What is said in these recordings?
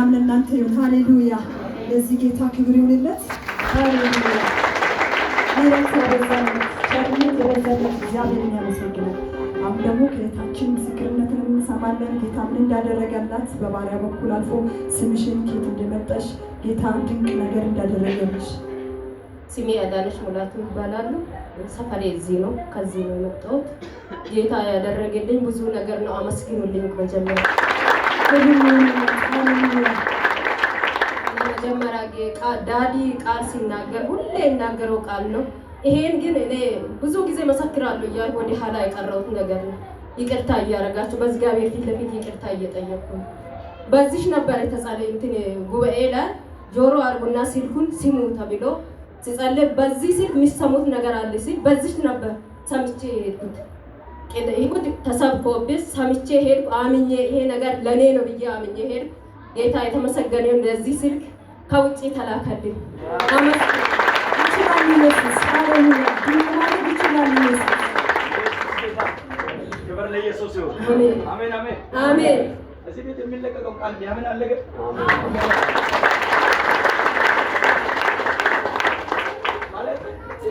ም ለእናንተ ይሁን። ሃሌሉያ! ለዚህ ጌታ ክብር ይሁንለት። ምህረት ያበዛለት ቸርነት አሁን ደግሞ ከእህታችን ምስክርነትን እንሰማለን። ጌታ ምን እንዳደረገላት በባሪያ በኩል አልፎ ስምሽን ኬት እንደመጠሽ ጌታ ድንቅ ነገር እንዳደረገልሽ። ስሜ አዳነች ሙላቱ ይባላሉ። ሰፈሬ እዚህ ነው። ከዚህ ነው የመጣሁት። ጌታ ያደረገልኝ ብዙ ነገር ነው። አመስግኑልኝ መጀመሪያ መጀመሪያ ዳዲ ቃል ሲናገር ሁሌ የናገረው ቃል ነው። ይሄን ግን እኔ ብዙ ጊዜ መሰክራለሁ እያልኩ ወደ ኋላ የቀረሁት ነገር ነው። ይቅርታ እያደረጋችሁ በእግዚአብሔር ፊት ለፊት ይቅርታ እየጠየቅኩ ነው። በዚህ ነበር የተጻለኝ እንትን ጉባኤ ላይ ጆሮ አርጉና ስልኩን ሲሙ ተብሎ ሲጸልይ በዚህ ስልክ የሚሰሙት ነገር አለ ሲል በዚህ ነበር ሰምቼ የሄድኩት። ይሁድ ተሰብኮብስ ሰምቼ ሄድኩ አምኜ ይሄ ነገር ለእኔ ነው ብዬ አምኜ ሄድኩ። ጌታ የተመሰገነ ለዚህ ስልክ ከውጭ ተላከልኝ። አሜን።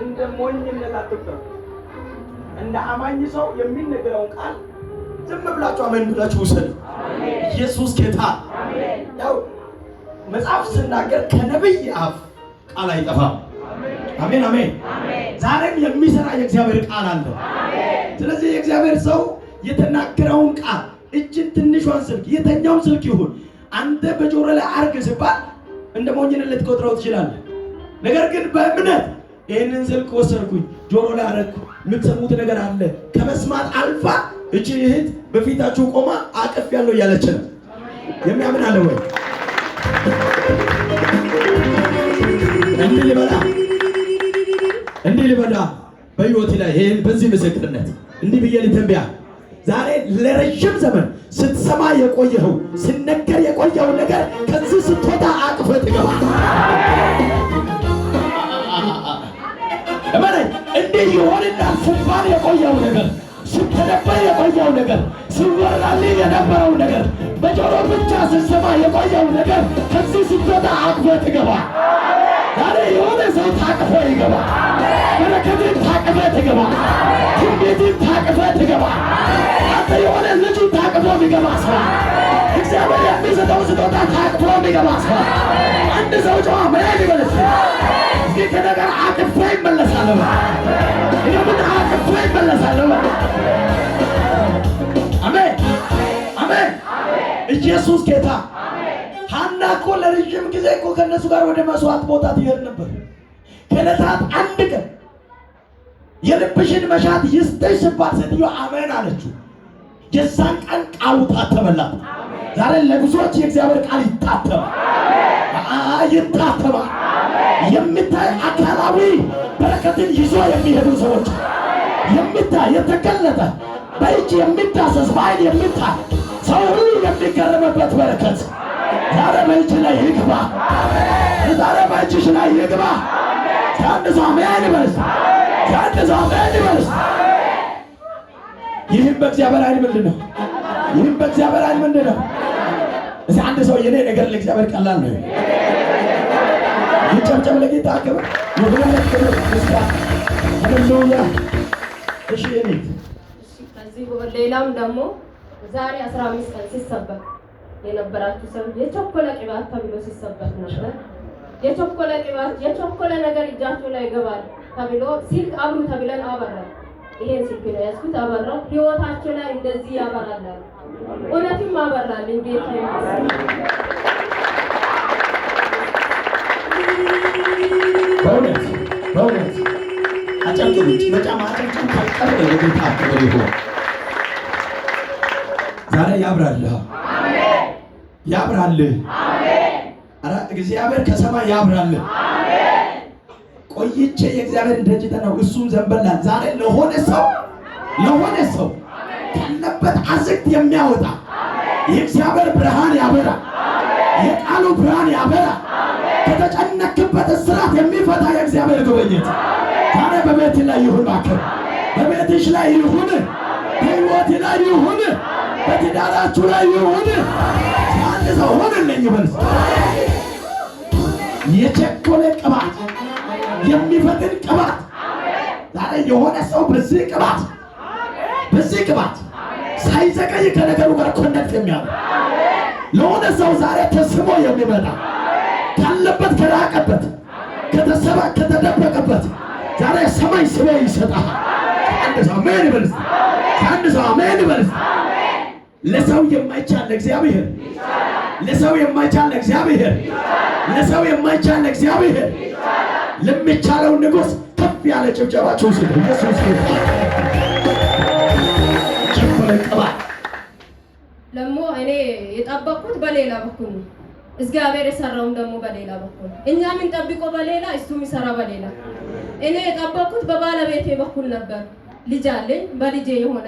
እንደ ሞኝነት አትቁጠር። እንደ አማኝ ሰው የሚነገረውን ቃል ዝም ብላችሁ አመን ብላችሁ ውሰዱ። ኢየሱስ ጌታ። ያው መጽሐፍ ስናገር ከነብይ አፍ ቃል አይጠፋም። አሜን አሜን። ዛሬም የሚሰራ የእግዚአብሔር ቃል አለ። ስለዚህ የእግዚአብሔር ሰው የተናገረውን ቃል እጅን ትንሿን ስልክ የተኛውን ስልክ ይሁን አንተ በጆሮ ላይ አርግ ሲባል እንደ ሞኝነት ልትቆጥረው ትችላለህ። ነገር ግን በእምነት ይህንን ስልክ ወሰድኩኝ፣ ጆሮ ላይ አረግኩ። የምትሰሙት ነገር አለ። ከመስማት አልፋ እቺ እህት በፊታችሁ ቆማ አቅፍ ያለው እያለች ነው። የሚያምን አለ ወይ? እንዲህ ሊበላ እንዲህ በህይወቴ ላይ ይህን በዚህ ምስክርነት እንዲህ ብዬ ልተንብያ ዛሬ ለረጅም ዘመን ስትሰማ የቆየኸው ስነገር የቆየውን ነገር ከዚህ ስትወጣ አቅፈ ትገባ እመነኝ፣ እንዲህ ይሆንና ስባል የቆየው ነገር ስተነበር የቆየው ነገር ሲወራልህ የነበረው ነገር በጆሮ ብቻ ስትሰማ የቆየው ነገር ከዚህ ስትወጣ አቅፈህ ትገባ። ዛሬ የሆነ ሰው ታቅፎ ይገባ። በረከትን ታቅፈህ ትገባ። ትንቢትን ታቅፈህ ትገባ። ያንተ የሆነ ልጁ ታቅፎ የሚገባ ሰው እግዚአብሔር የሚሰጠው ስጦታ ታቅፎ የሚገባ ሰው አንድ ሰው ጨዋ መሄድ ይበልስ እስኪ ከነገር አቅፎ ይመለሳለሁ። ይህምን አቅፎ ይመለሳለሁ። አሜን አሜን። ኢየሱስ ጌታ። ሐና እኮ ለረዥም ጊዜ እኮ ከእነሱ ጋር ወደ መስዋዕት ቦታ ትሄድ ነበር። ከዕለታት አንድ ቀን የልብሽን መሻት ይስጠሽ ስባል ሴትዮዋ አሜን አለችው። የዛን ቀን ቃሉ ታተመላት። ዛሬ ለብዙዎች የእግዚአብሔር ቃል ይታተማ ይታተማ። የሚታይ አካላዊ በረከትን ይዞ የሚሄዱ ሰዎች የሚታይ የተገለጠ በእጅ የሚዳሰስ በአይን የሚታይ ሰው ሁሉ የሚገረምበት በረከት ዛሬ በእጅ ላይ ይግባ። ዛሬ በእጅሽ ላይ ይግባ። ከአንድ ሰው አሜን ይበልስ። ከአንድ ሰው አሜን ይበልስ። ይህም በእግዚአብሔር አይን ምንድን ነው? ይህም በእግዚአብሔር አይን ምንድን ነው? እዚ አንድ ሰው የኔ ነገር ለእግዚአብሔር ቀላል ነው። ይጨብጨብ ለጌታ ክብር። የሁለት ክብር ምስጋና ሃሌሉያ። እሺ የኔት ከዚህ ሌላም ደግሞ ዛሬ አስራ አምስት ቀን ሲሰበክ የነበራችሁ ሰው የቸኮለ ቅባት ተብሎ ሲሰበክ ነበር። የቸኮለ ቅባት የቸኮለ ነገር እጃችሁ ላይ ይገባል ተብሎ ሲል አብሩ ተብለን አበራል ይሄን ስልክ ነው ያዝኩት፣ አበራው። ህይወታቸው ላይ እንደዚህ ያበራል። እውነትም አበራል። እንዴት በእውነት ዛሬ ያብራልህ፣ ያብራልህ። እግዚአብሔር ከሰማይ ያብራልህ። ቆይቼ የእግዚአብሔር ደጅ ነው። እሱም ዘንበላል። ዛሬ ለሆነ ሰው ለሆነ ሰው ካለበት አዘቅት የሚያወጣ የእግዚአብሔር ብርሃን ያበራ፣ የቃሉ ብርሃን ያበራ፣ ከተጨነክበት እስራት የሚፈታ የእግዚአብሔር ጉብኝት ዛሬ በቤት ላይ ይሁን። እባክህ በቤትሽ ላይ ይሁን፣ በህይወት ላይ ይሁን፣ በትዳራችሁ ላይ ይሁን። አንድ ሰው ሆንልኝ ይበልስ የቸኮሌት ቅባት የሚፈጥን ቅባት ዛሬ የሆነ ሰው በዚህ ቅባት በዚህ ቅባት ሳይዘቀይ ከነገሩ ጋር ኮነት የሚያደርግ ለሆነ ሰው ዛሬ ተስሞ የሚመጣ ካለበት ከራቀበት ከተሰባ ከተደበቀበት ዛሬ ሰማይ ስቦ ይሰጣል። አንድ ሰው አሜን ይበልስ። አንድ ሰው አሜን ይበልስ። ለሰው የማይቻል ለእግዚአብሔር ለሰው የማይቻል ለእግዚአብሔር ለሰው የማይቻል ለእግዚአብሔር ለሚቻለውን ንጉሥ ከፍ ያለ ጭብጨባችሁ ውስጥ ኢየሱስ ደግሞ እኔ የጠበቅኩት በሌላ በኩል ነው። እግዚአብሔር የሰራውን ደግሞ በሌላ በኩል እኛ የምንጠብቀው በሌላ እሱ የሚሰራ በሌላ። እኔ የጠበቅኩት በባለቤቴ በኩል ነበር። ልጅ አለኝ። በልጄ የሆነ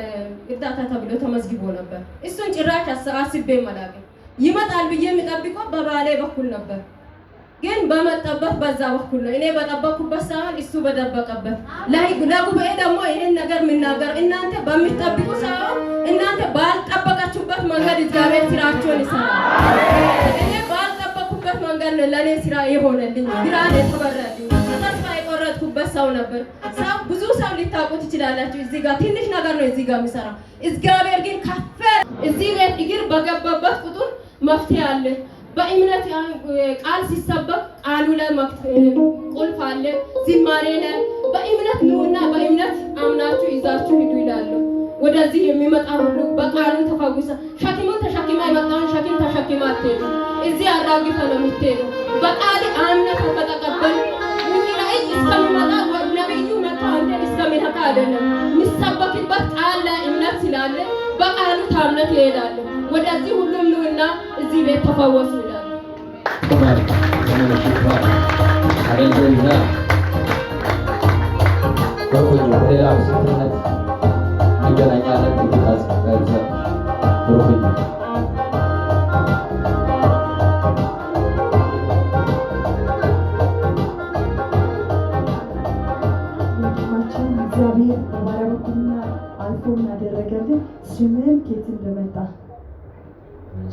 እርዳታ ተብሎ ተመዝግቦ ነበር። እሱን ጭራሽ አስቤ መላገኝ ይመጣል ብዬ የሚጠብቀው በባሌ በኩል ነበር። ግን በመጠበት በዛ በኩል ነው። እኔ በጠበኩበት ሰዓት እሱ በደበቀበት ለጉባኤ ደግሞ ይሄን ነገር የሚናገር እናንተ በሚጠብቁ ሰዓት እናንተ ባልጠበቃችሁበት መንገድ እግዚአብሔር ስራቸውን ይሰራል። እኔ ባልጠበኩበት መንገድ ነው ለእኔ ስራ የሆነልኝ። ግራ የተበረልኝ ተስፋ የቆረጥኩበት ሰው ነበር። ሰው ብዙ ሰው ሊታውቁ ትችላላችሁ። እዚህ ጋር ትንሽ ነገር ነው እዚህ ጋር የሚሰራ እግዚአብሔር ግን ከፍ እዚህ ቤት እግር በገባበት ቁጥር መፍትሄ አለ በእምነት ቃል ሲሰበክ ቃሉ ላይ ቁልፍ አለ፣ ዝማሬ ላይ በእምነት ኑና በእምነት አምናችሁ ይዛችሁ ሂዱ ይላሉ። ወደዚህ የሚመጣ ሁሉ በቃሉ ተፈጉሰ ሸክሙን ተሸክማ የመጣውን ሸክም ተሸክማ አትሄዱ። እዚህ አራግፈ ነው የምትሄዱ። በቃል አምነት ከተቀበል ራእይ እስከሚመጣ ነቢዩ መጣ አንተ አይደለም የሚሰበክበት ቃል ላይ እምነት ስላለ በቃሉ ታምነት ይሄዳሉ። ወደዚህ ሁሉ ኑና እዚህ ቤት ተፈወሱ ይላሉ።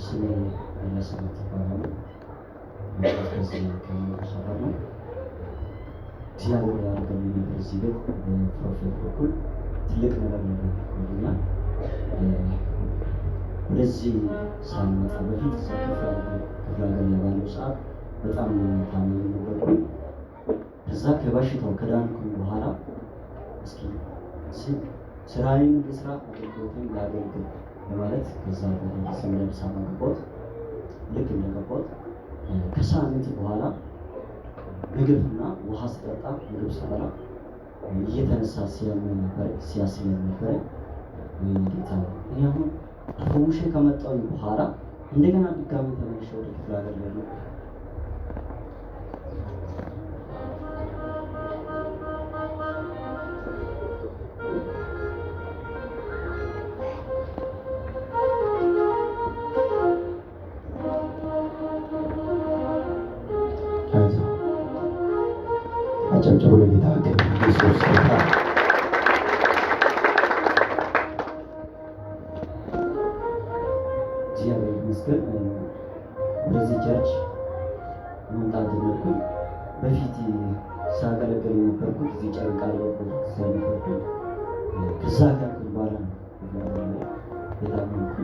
ስሜ መለሰበት ይባላሉ። ሰራ ነው ሲያው ያደርገው እዚህ በፕሮፌት በኩል ትልቅ ነገር ነገርና ወደዚህ ሳንመጣ በፊት ክፍለ ሀገር ላይ ባለው ሰዓት በጣም ታመኝ ነበርኩ። ከዛ ከበሽታው ከዳንኩኝ በኋላ እስኪ ስራዬን ልስራ አገልግሎቴን ላገልግል በማለት ከዛ ሰሚናር ሳማ ገቦት ልክ እንደገቦት ከሳምንት በኋላ ምግብና ውሃ ስጠጣ ምግብ ስበላ እየተነሳ ሲያምን ነበር ሲያስለኝ ነበረ። ጌታ እኔ አሁን አፈሙሼ ከመጣሁ በኋላ እንደገና ድጋሚ ተመልሼ ወደ ክፍለ ሀገር መምጣት ጀመርኩኝ። በፊት ሳገለግል የነበርኩት እዚህ ጨርቃ ያለበት ስለነበርኩ ከዛ ካልኩኝ በኋላ የታመንኩ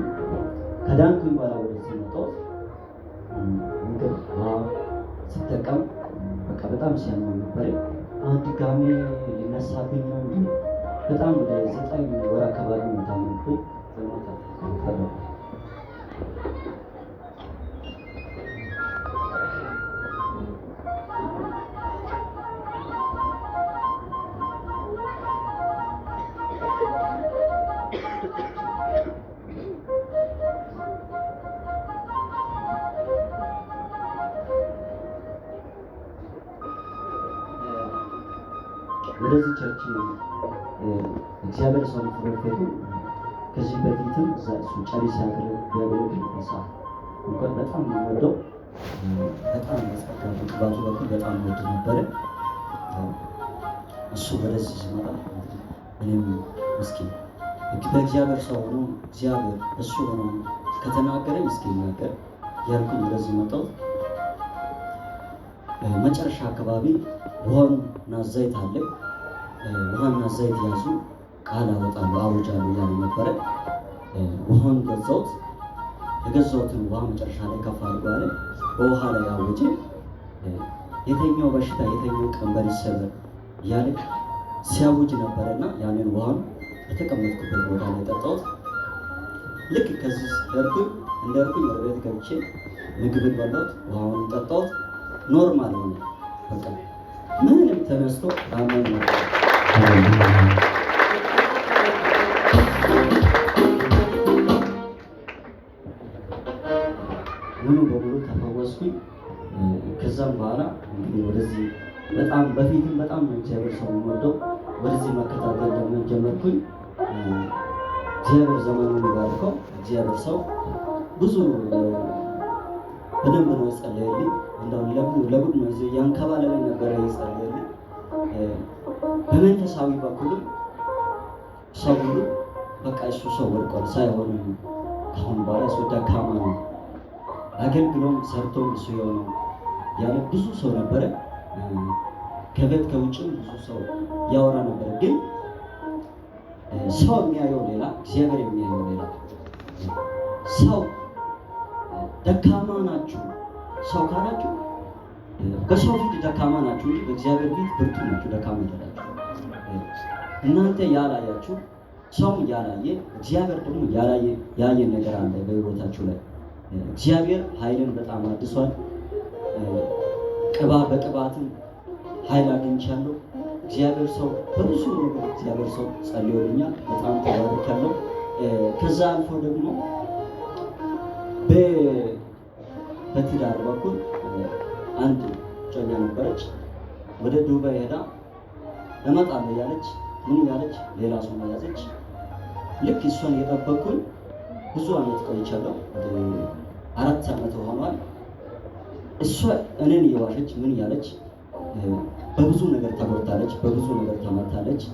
ከዳንኩኝ በኋላ ወደዚህ መጣሁ። ምግብ ስጠቀም በቃ በጣም ሲያመው ነበር። አሁን ድጋሜ ሊነሳብኝ ነው እንጂ በጣም ወደ ዘጠኝ ወር አካባቢ ነው የታመምኩኝ። ወደዚቻችን እግዚአብሔር ሰው ፍረፌቱ ከዚህ በፊትም ሱጫሪ ሲያገለ ዲያብሎግ መጽሐፍ እንኳን በጣም የሚወደው በጣም መጸጋ በቅባቱ በኩል በጣም ወድ ነበረ። እሱ ወደዚህ ሲመጣ እኔም እስኪ በእግዚአብሔር ሰው ሆኖ እግዚአብሔር እሱ ሆኖ ከተናገረኝ እስኪናገር ያልኩኝ ወደዚህ መጣው። መጨረሻ አካባቢ ውሃና ዘይት አለ። ውሃና ዘይት ያዙ፣ ቃል አወጣሉ፣ አውጃሉ እያሉ ነበረ። ውሃን ገዛሁት። የገዛሁትን ውሃ መጨረሻ ላይ ከፍ አድርጎ አለ በውሃ ላይ አወጀ። የተኛው በሽታ የተኛው ቀንበር ይሰበር እያለ ሲያውጅ ነበረና ያንን ውሃን የተቀመጥኩበት ቦታ ላይ ጠጣሁት። ልክ ከዚህ ደርኩኝ እንደርኩኝ ወደ ቤት ገብቼ ምግብን በላሁት፣ ውሃውን ጠጣሁት። ኖርማል ሆነ። በቃ ምንም ተነስቶ አመን ሙሉ በሙሉ ተፈወስኩኝ። ከዛም በኋላ እንግዲህ ወደዚህ በጣም በፊትም በጣም እግዚአብሔር ሰው የሚወደው ወደዚህ መከታተል ለመጀመርኩኝ እግዚአብሔር ዘመኑን ባርከው እግዚአብሔር ሰው ብዙ በደንብ ነው የጸለየልኝ። እንደው ለቡድ ነው ያንከባለለ ነበረ የጸለየልኝ። በመንፈሳዊ በኩልም ሰው ሁሉ በቃ እሱ ሰው ወድቋል ሳይሆን ከአሁን በኋላ እሱ ደካማ ነው አገልግሎም ሰርቶም እሱ የሆነው ያለ ብዙ ሰው ነበረ። ከቤት ከውጭም ብዙ ሰው ያወራ ነበረ። ግን ሰው የሚያየው ሌላ፣ እግዚአብሔር የሚያየው ሌላ ሰው ደካማ ናችሁ ሰው ካላችሁ በሰው ፊት ደካማ ናችሁ እንጂ በእግዚአብሔር ፊት ብርቱ ናችሁ። ደካማ ይላችሁ እናንተ ያላያችሁ ሰውም ያላየ እግዚአብሔር ደግሞ ያላየ ያየ ነገር አለ በህይወታችሁ ላይ እግዚአብሔር ኃይልን በጣም አድሷል። ቅባ በቅባትም ኃይል አግኝቻለሁ። እግዚአብሔር ሰው በብዙ ነገር እግዚአብሔር ሰው ጸልዮልኛል። በጣም ተባርከለው። ከዛ አልፎ ደግሞ በትዳር በኩል አንድ ጨኛ ነበረች። ወደ ዱባይ ሄዳ እመጣለሁ ያለች ምን ያለች ሌላ ሰው መያዘች። ልክ እሷን የጠበቅኩኝ ብዙ አመት ቆይቻለሁ። አራት አመት ሆኗል። እሷ እኔን እየዋሸች ምን ያለች በብዙ ነገር ተጎድታለች፣ በብዙ ነገር ተመታለች።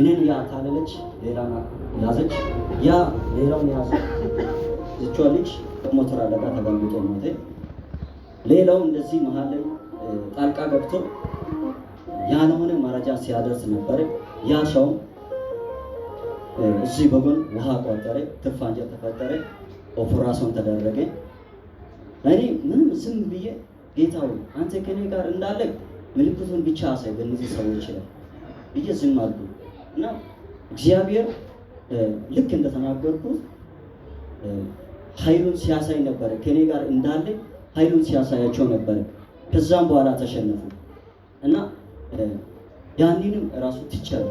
እኔን ያታለለች ሌላ ያዘች። ያ ሌላውን ያዘ ልጇ ልጅ በሞተር አደጋ ተጋልጦ ሞተ። ሌላው እንደዚህ መሀል ላይ ጣልቃ ገብቶ ያልሆነ መረጃ ሲያደርስ ነበረ። ያ ሰውም እዚህ በጎን ውሃ ቋጠረ፣ ትርፍ ተፈጠረ፣ ኦፕራሲዮን ተደረገ። እኔ ምንም ዝም ብዬ ጌታው አንተ ከኔ ጋር እንዳለ ምልክቱን ብቻ አሳይ በእነዚህ ሰዎች ላይ ብዬ ዝም አልኩ እና እግዚአብሔር ልክ እንደተናገርኩት ኃይሉን ሲያሳይ ነበረ። ከኔ ጋር እንዳለ ኃይሉን ሲያሳያቸው ነበረ። ከዛም በኋላ ተሸነፉ እና ያንንም እራሱ ትቻለ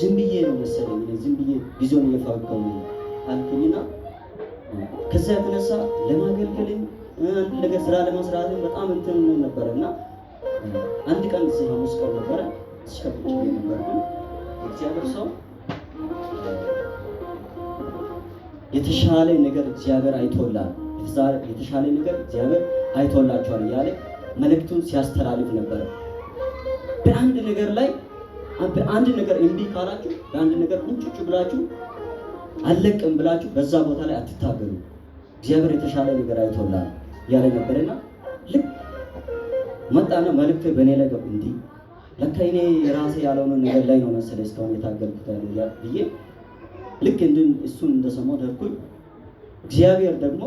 ዝም ብዬ ነው መሰለኝ ዝም ብዬ ጊዜውን እየፋቀው አልኩኝና ከዛ የተነሳ ለማገልገልም አንድ ነገር ስራ ለመስራትም በጣም እንትን ነበረ እና አንድ ቀን ጊዜ ሐሙስ ቀን ነበረ ተሽከፍጭ ነበር እግዚአብሔር ሰው የተሻለ ነገር እግዚአብሔር አይቶላል፣ የተሻለ ነገር እግዚአብሔር አይቶላቸዋል እያለ መልእክቱን ሲያስተላልፍ ነበረ። በአንድ ነገር ላይ አንድ ነገር እምቢ ካላችሁ በአንድ ነገር ቁጭ ብላችሁ አለቅም ብላችሁ በዛ ቦታ ላይ አትታገሉ፣ እግዚአብሔር የተሻለ ነገር አይቶላል እያለ ነበረና ልክ መጣና መልእክት በእኔ ላይ ገቡ። እንዲህ ለካ እኔ የራሴ ያልሆነ ነገር ላይ ነው መሰለኝ እስካሁን የታገልኩት ብዬ ልክ እንድን እሱን እንደሰማሁ ደርኩኝ። እግዚአብሔር ደግሞ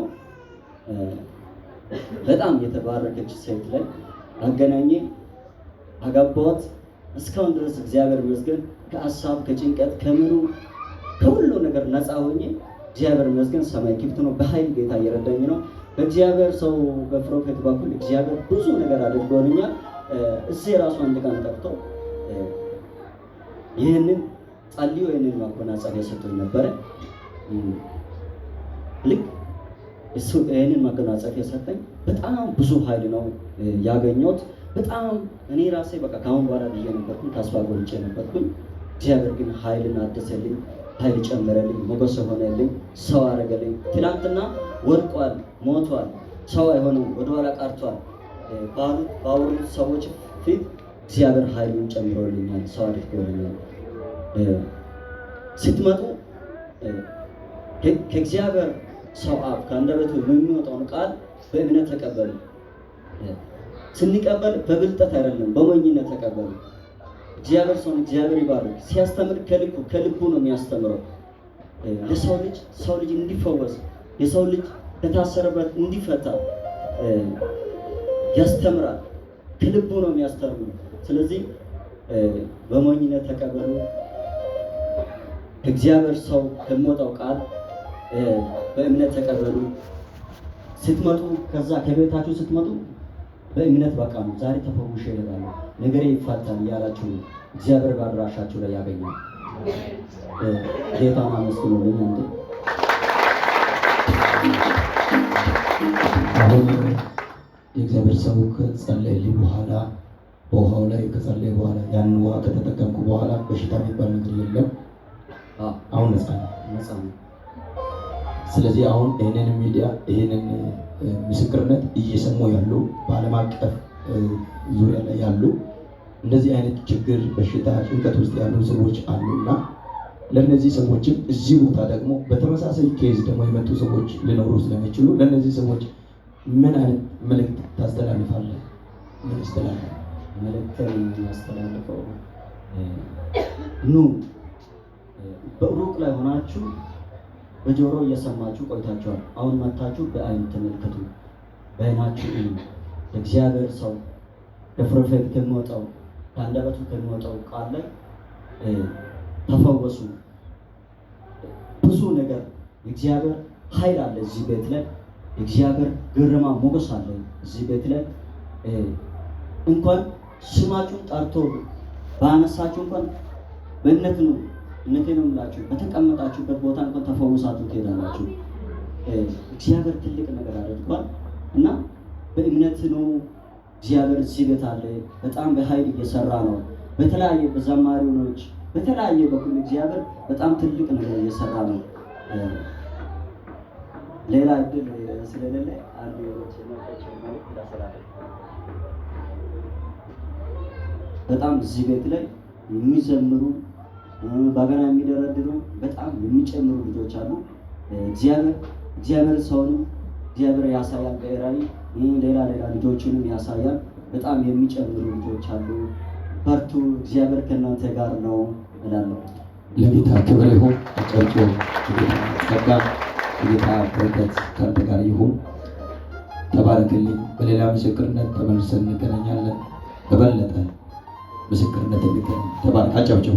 በጣም የተባረከች ሴት ላይ አገናኘ፣ አጋባት እስካሁን ድረስ እግዚአብሔር ይመስገን ከአሳብ ከጭንቀት ከምኑ ከሁሉ ነገር ነፃ ሆኜ እግዚአብሔር ይመስገን ሰማይ ክፍት ነው። በኃይል ጌታ እየረዳኝ ነው። በእግዚአብሔር ሰው በፕሮፌት በኩል እግዚአብሔር ብዙ ነገር አድርጎልኛል። እዚህ ራሱ አንድ ቀን ጠቅቶ ይህንን ጸልዩ ይህንን ማጎናጸፊያ ሰጥቶኝ ነበረ። ልክ እሱ ይህንን ማጎናጸፊያ ሰጠኝ። በጣም ብዙ ኃይል ነው ያገኘሁት። በጣም እኔ ራሴ በቃ ከአሁን በኋላ ብዬ ነበርኩኝ፣ ተስፋ ቆርጬ ነበርኩኝ። እግዚአብሔር ግን ኃይልን አደሰልኝ፣ ኃይል ጨመረልኝ፣ ሞገስ ሆነልኝ፣ ሰው አረገልኝ ትናንትና ወድቋል፣ ሞቷል፣ ሰው አይሆንም፣ ወደኋላ ቀርቷል ባሉት ባወሩት ሰዎች ፊት እግዚአብሔር ኃይሉን ጨምሮልኛል፣ ሰው አድርጎልኛል። ስትመጡ ከእግዚአብሔር ሰው አብ ከአንደበቱ የሚወጣውን ቃል በእምነት ተቀበሉ። ስንቀበል በብልጠት አይደለም፣ በሞኝነት ተቀበሉ። እግዚአብሔር ሰውን እግዚአብሔር ይባርክ። ሲያስተምር ከልቡ ከልቡ ነው የሚያስተምረው ለሰው ልጅ ሰው ልጅ እንዲፈወስ የሰው ልጅ ከታሰረበት እንዲፈታ ያስተምራል። ከልቡ ነው የሚያስተምሩ። ስለዚህ በሞኝነት ተቀበሉ። እግዚአብሔር ሰው ከሚወጣው ቃል በእምነት ተቀበሉ። ስትመጡ ከዛ ከቤታችሁ ስትመጡ በእምነት በቃ ነው ዛሬ ተፈውሼ እሄዳለሁ፣ ነገሬ ይፋታል እያላችሁ ነው። እግዚአብሔር በአድራሻችሁ ላይ ያገኛል። ጌታን አመስግኑልኝ። እንደ የእግዚአብሔር ሰው ከጸለየልኝ በኋላ በውሃው ላይ ከጸለይ በኋላ ያንን ውሃ ከተጠቀምኩ በኋላ በሽታ የሚባል ነገር የለም። አሁን ነፃ ነው። ስለዚህ አሁን ይህንን ሚዲያ ይህንን ምስክርነት እየሰሙ ያሉ በዓለም አቀፍ ዙሪያ ላይ ያሉ እንደዚህ አይነት ችግር፣ በሽታ፣ ጭንቀት ውስጥ ያሉ ሰዎች አሉ እና ለእነዚህ ሰዎችም እዚህ ቦታ ደግሞ በተመሳሳይ ኬዝ ደግሞ የመጡ ሰዎች ሊኖሩ ስለሚችሉ ለእነዚህ ሰዎች ምን አይነት መልእክት ታስተላልፋለህ? ምን ያስተላልፋል? መልእክት ያስተላልፈው ኑ በሩቅ ላይ ሆናችሁ በጆሮ እየሰማችሁ ቆይታችኋል። አሁን መታችሁ በአይን ተመልከቱ፣ በአይናችሁ እዩ። የእግዚአብሔር ሰው በፕሮፌት ከሚወጣው ከአንደበቱ ከሚወጣው ቃል ላይ ተፈወሱ። ብዙ ነገር የእግዚአብሔር ኃይል አለ እዚህ ቤት ላይ የእግዚአብሔር ግርማ ሞገስ አለ እዚህ ቤት ላይ እንኳን ስማችሁን ጠርቶ ባነሳችሁ እንኳን በእነት ነው እውነቴን ነው የምላችሁ፣ በተቀመጣችሁበት ቦታ እንኳን ተፈውሳችሁ ትሄዳላችሁ። እግዚአብሔር ትልቅ ነገር አድርጓል እና በእምነት ነው እግዚአብሔር እዚህ ቤት አለ። በጣም በኃይል እየሰራ ነው። በተለያየ በዘማሪዎች በተለያየ በኩል እግዚአብሔር በጣም ትልቅ ነገር እየሰራ ነው። ሌላ እድል ስለሌለ አንዱ የሮች መቸው ማለት ላሰራለ በጣም እዚህ ቤት ላይ የሚዘምሩ በገና የሚደረድሩ በጣም የሚጨምሩ ልጆች አሉ። እግዚአብሔር እግዚአብሔር ሰውንም እግዚአብሔር ያሳያል። ብሔራዊ ሌላ ሌላ ልጆችንም ያሳያል። በጣም የሚጨምሩ ልጆች አሉ። በርቱ፣ እግዚአብሔር ከእናንተ ጋር ነው እላለሁ። ለጌታ ክብር ይሁን። ጨርጮ ጸጋ ጌታ በረከት ከአንተ ጋር ይሁን። ተባረክልኝ። በሌላ ምስክርነት ተመልሰን እንገናኛለን። በበለጠ ምስክርነት እንገናኝ። ተባረክ። አጨብጭቡ።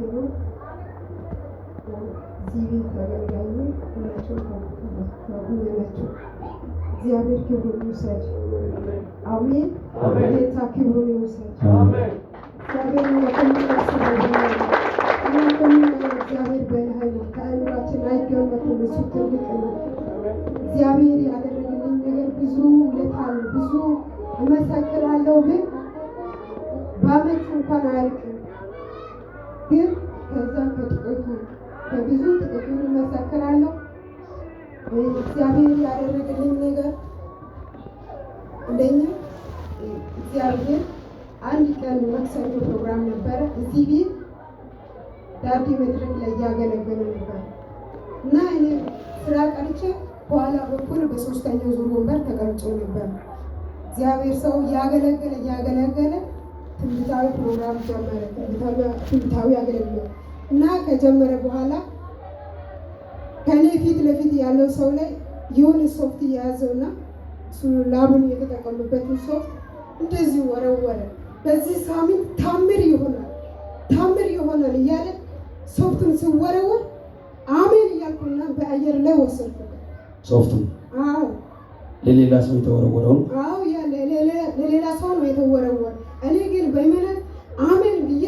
ተከትሎ እዚህ ቤት ያገኛኝ ሁላቸው ተጉመቸው እግዚአብሔር ክብሩን ይውሰድ። አሜን። ጌታ ክብሩን ይውሰድ። እግዚአብሔር እግዚአብሔር በልሃይ ነው፣ ከአእምሯችን አይገመትም። እሱ ትልቅ ነው። እግዚአብሔር ያደረገልኝ ነገር ብዙ ውለታ ነው። ብዙ እመሰክራለሁ፣ ግን በአመት እንኳን አያልቅም። ግን ከዛም በጥቂቱ በብዙ ጥቂቱን እመሰክራለሁ። እግዚአብሔር ያደረግልኝ ነገር እንደኛ እግዚአብሔር አንድ ቀን መክሰኞ ፕሮግራም ነበረ እዚህ ቤት ዳዲ መድረክ ላይ እያገለገለ ነበር እና እኔ ስራ ቀርቼ በኋላ በኩል በሶስተኛው ዙር ወንበር ተቀርጬ ነበር። እግዚአብሔር ሰው እያገለገለ እያገለገለ ትምህርታዊ ፕሮግራም ጀመረ። ትምህርታዊ አገልግሎት እና ከጀመረ በኋላ ከእኔ ፊት ለፊት ያለው ሰው ላይ የሆነ ሶፍት እየያዘውና ላቡን የተጠቀሙበትን ሶፍት እንደዚህ ወረወረ። በዚህ ሳምንት ታምር ይሆናል ታምር ይሆናል እያለ ሶፍቱን ስወረወር አሜን እያልኩና በአየር ላይ ወሰድኩት። ሶፍቱን ለሌላ ሰው የተወረወረውን ለሌላ ሰው ነው የተወረወረ እኔ ግን በእምነት አሜን ብዬ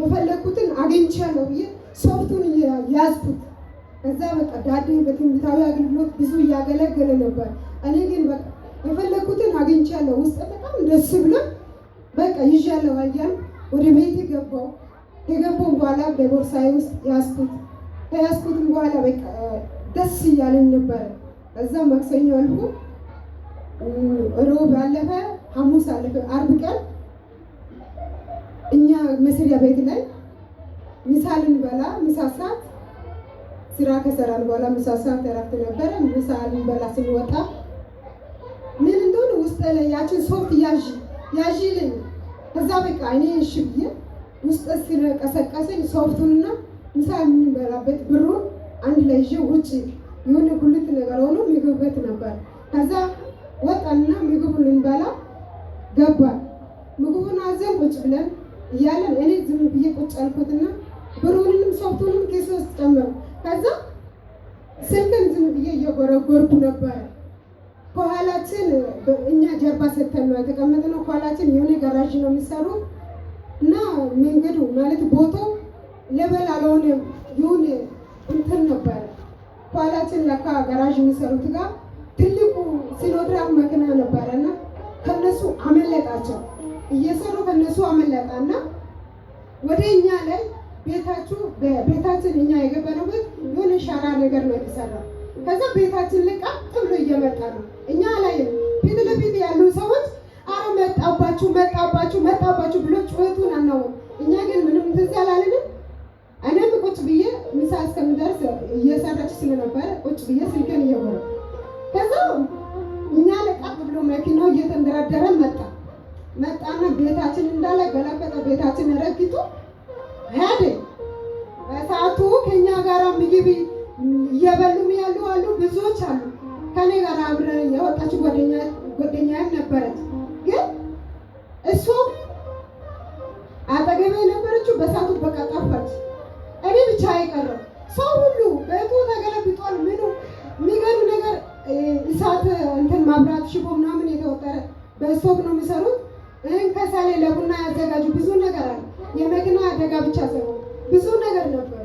የፈለግኩትን አግኝቻለሁ ብዬ ሶፍቱን ያዝኩት። ከዛ በቃ ዳዴ በትምህርታዊ አገልግሎት ብዙ እያገለገለ ነበር። እኔ ግን በቃ የፈለግኩትን አግኝቻለሁ ውስጥ በጣም ደስ ብሎ በቃ ይዣለሁ አያን ወደ ቤት ገባው። የገባውን በኋላ በቦርሳዬ ውስጥ ያዝኩት። ከያዝኩትም በኋላ በቃ ደስ እያለኝ ነበረ። ከዛ መክሰኞ አልፎ ሮብ አለፈ፣ ሐሙስ አለፈ፣ አርብ ቀን እኛ መስሪያ ቤት ላይ ምሳ ልንበላ ምሳ ሰዓት ስራ ከሰራን በኋላ ምሳ ሰዓት እረፍት ነበረ። ምሳ ልንበላ ስንወጣ ምን እንደሆነ ውስጥ ላይ ያችን ሶፍት ያዥ ያዥ ይለኝ። ከዛ በቃ እኔ እሺ ብዬ ውስጥ ስለቀሰቀሰኝ ሶፍቱንና ምሳ የምንበላበት ብሩን አንድ ላይ ይዤ ውጭ የሆነ ጉልት ነገር ሆኖ ምግብ ቤት ነበር። ከዛ ወጣና ምግቡን ልንበላ ገባል። ምግቡን አዘን ቁጭ ብለን እያለን እኔ ዝም ብዬ ቁጭ አልኩትና ብሩንንም ሶፍቱንም ኬስ ውስጥ ጨመሩ። ከዛ ስልክን ዝም ብዬ እየጎረጎርኩ ነበረ። ከኋላችን እኛ ጀርባ ሰተን ነው የተቀመጥነው። ከኋላችን የሆነ ጋራዥ ነው የሚሰሩ እና መንገዱ ማለት ቦታው ለበል አለሆነ የሆነ እንትን ነበረ። ኋላችን ለካ ጋራዥ የሚሰሩት ጋር ትልቁ ሲኖትራክ መኪና ነበረ እና ከነሱ አመለጣቸው። እየሰሩ በእነሱ አመለጣና ወደ እኛ ላይ ቤታችሁ ቤታችን እኛ የገባነው ቤት የሆነ ሸራ ነገር ነው የተሰራ። ከዛ ቤታችን ልቃ ብሎ እየመጣ ነው እኛ ላይ ፊት ለፊት ያሉ ሰዎች አረ መጣባችሁ፣ መጣባችሁ፣ መጣባችሁ ብሎ ጩኸቱን አናውም። እኛ ግን ምንም ትዝ አላለንም። እኔም ቁጭ ብዬ ምሳ እስከምደርስ እየሰራች ስለነበረ ቁጭ ብዬ ስልከን እየሆነ ከዛ እኛ ልቃ ብሎ መኪናው እየተንደራደረ መጣ መጣና ቤታችን እንዳለ ገለበጠ። ቤታችን ረግቶ ሄደ። በሰዓቱ ከኛ ጋር ምግብ እየበሉም ያሉ አሉ፣ ብዙዎች አሉ። ከኔ ጋር አብረ የወጣች ጓደኛዬም ነበረች። ግን እሱ አጠገቤ የነበረችው በሰዓቱ በቃ ጠፋች። እኔ ብቻ አይቀርም ሰው ሁሉ ቤቱ ተገለብጧል። ምኑ የሚገርም ነገር እሳት እንትን ማብራት ሽቦ ምናምን የተወጠረ በስቶቭ ነው የሚሰሩት እህን ከሳሌ ለቡና ያዘጋጁ ብዙ ነገር አለ። የመኪና አደጋ ብቻ ሳይሆን ብዙ ነገር ነበረ።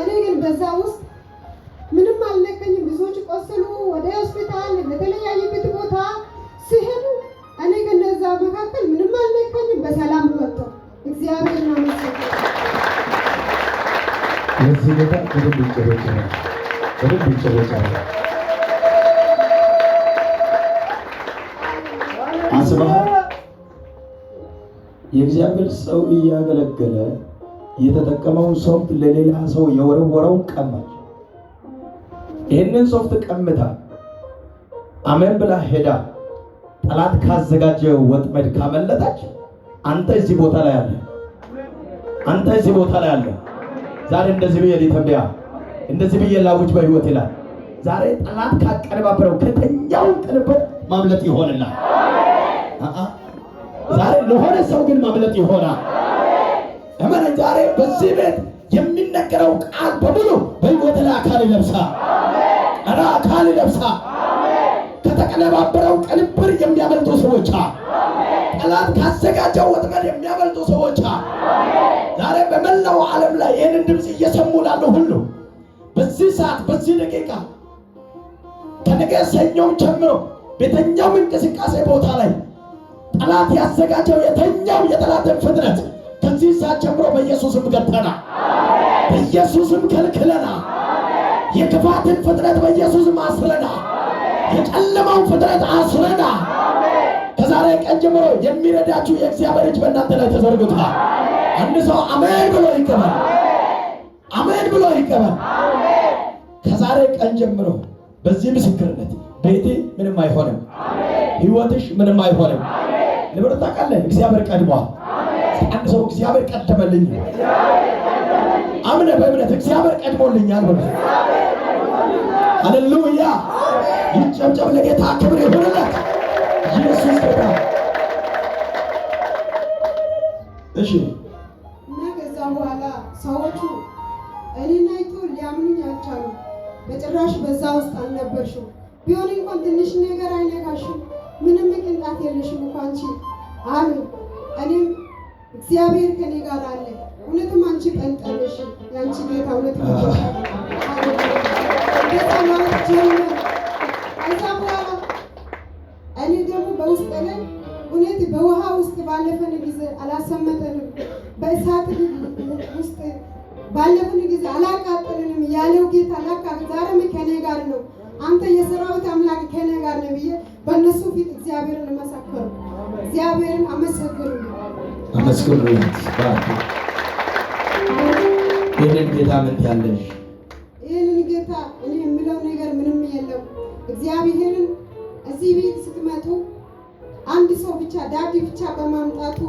እኔ ግን በዛ ውስጥ ምንም አልነቀኝም። ብዙዎች ቆስሉ ወደ ሆስፒታል ለተለያየበት ቦታ ሲሄዱ፣ እኔ ግን ለዛ መካከል ምንም አልነቀኝም። በሰላም ወጥቶ እግዚአብሔር ነው መስጠት ለዚህ ጌታ ቅድም እንጨሮች ነ ቅድም እንጨሮች አለ አስበሃል የእግዚአብሔር ሰው እያገለገለ የተጠቀመውን ሶፍት ለሌላ ሰው የወረወረውን ቀማች። ይህንን ሶፍት ቀምታ አሜን ብላ ሄዳ ጠላት ካዘጋጀ ወጥመድ ካመለጠች፣ አንተ እዚህ ቦታ ላይ አለ፣ አንተ እዚህ ቦታ ላይ አለ። ዛሬ እንደዚህ ብዬ ሊተንብያ እንደዚህ ብዬ ላውጅ በህይወት ይላል። ዛሬ ጠላት ካቀነባበረው ከተኛው ቅንበት ማምለጥ ይሆንላል። ዛሬ ለሆነ ሰው ግን ማምለጥ ይሆናል። እመነ ዛሬ በዚህ ቤት የሚነገረው ቃል በሙሉ በህይወት ላይ አካል ይለብሳ ራ አካል ይለብሳ ከተቀነባበረው ቅንብር የሚያመልጡ ሰዎች ጠላት ካዘጋጀው ወጥመድ የሚያመልጡ ሰዎች ዛሬ በመላው ዓለም ላይ ይህንን ድምፅ እየሰሙ ላለ ሁሉ በዚህ ሰዓት በዚህ ደቂቃ ከነገ ሰኞውን ጀምሮ ቤተኛውም እንቅስቃሴ ቦታ ላይ ጠላት ያዘጋጀው የተኛው የጠላትን ፍጥነት ከዚህ ሰዓት ጀምሮ በኢየሱስም ገተና በኢየሱስም ከልክለና የክፋትን ፍጥረት በኢየሱስም አስረና የጨለማውን ፍጥረት አስረና ከዛሬ ቀን ጀምሮ የሚረዳችሁ የእግዚአብሔር እጅ በእናንተ ላይ ተዘርግቷል። አንድ ሰው አሜን ብሎ ይቀበል። አሜን ብሎ ይቀበል። ከዛሬ ቀን ጀምሮ በዚህ ምስክርነት ቤቴ ምንም አይሆንም፣ ህይወትሽ ምንም አይሆንም። ለምን ታውቃለህ፣ እግዚአብሔር ቀድሟል። አንድ ሰው እግዚአብሔር ቀደመልኝ፣ አምነ በእምነት እግዚአብሔር ቀድሞልኛል በሉ። ሃሌሉያ! ይጨምጨም ለጌታ ክብር ይሁንለት። ኢየሱስ ጌታ። እሺ እና ከዛ በኋላ ሰዎቹ እኔን አይቶ ሊያምኑኝ አልቻሉም። በጭራሽ በዛ ውስጥ አልነበርሽም፣ ቢሆን እንኳን ትንሽ ነገር አይነካሽም፣ ምንም ቅንጣት የለሽም እግዚአብሔር ከኔ ጋር አለ። እውነትም አንቺ ጠንጠለሽ የአንቺ ጌታ እውነት ከዛ እኔ ደግሞ በውስጥ ላይ እውነት በውሃ ውስጥ ባለፈን ጊዜ አላሰመጠንም፣ በእሳት ውስጥ ባለፈን ጊዜ አላቃጠልንም ያለው ጌታ ላካ ዛሬም ከኔ ጋር ነው። አንተ የሰራዊት አምላክ ከኔ ጋር ነው ብዬ በእነሱ ፊት እግዚአብሔርን መሰከሩ፣ እግዚአብሔርን አመሰግሩ። አመስግኑላት። ይህንን ጌታ ምን ያለሽ? ይህንን ጌታ እኔ የምለው ነገር ምንም የለም። እግዚአብሔርን እዚህ ቤት ስትመጡ አንድ ሰው ብቻ ዳዲ ብቻ በማምጣቱ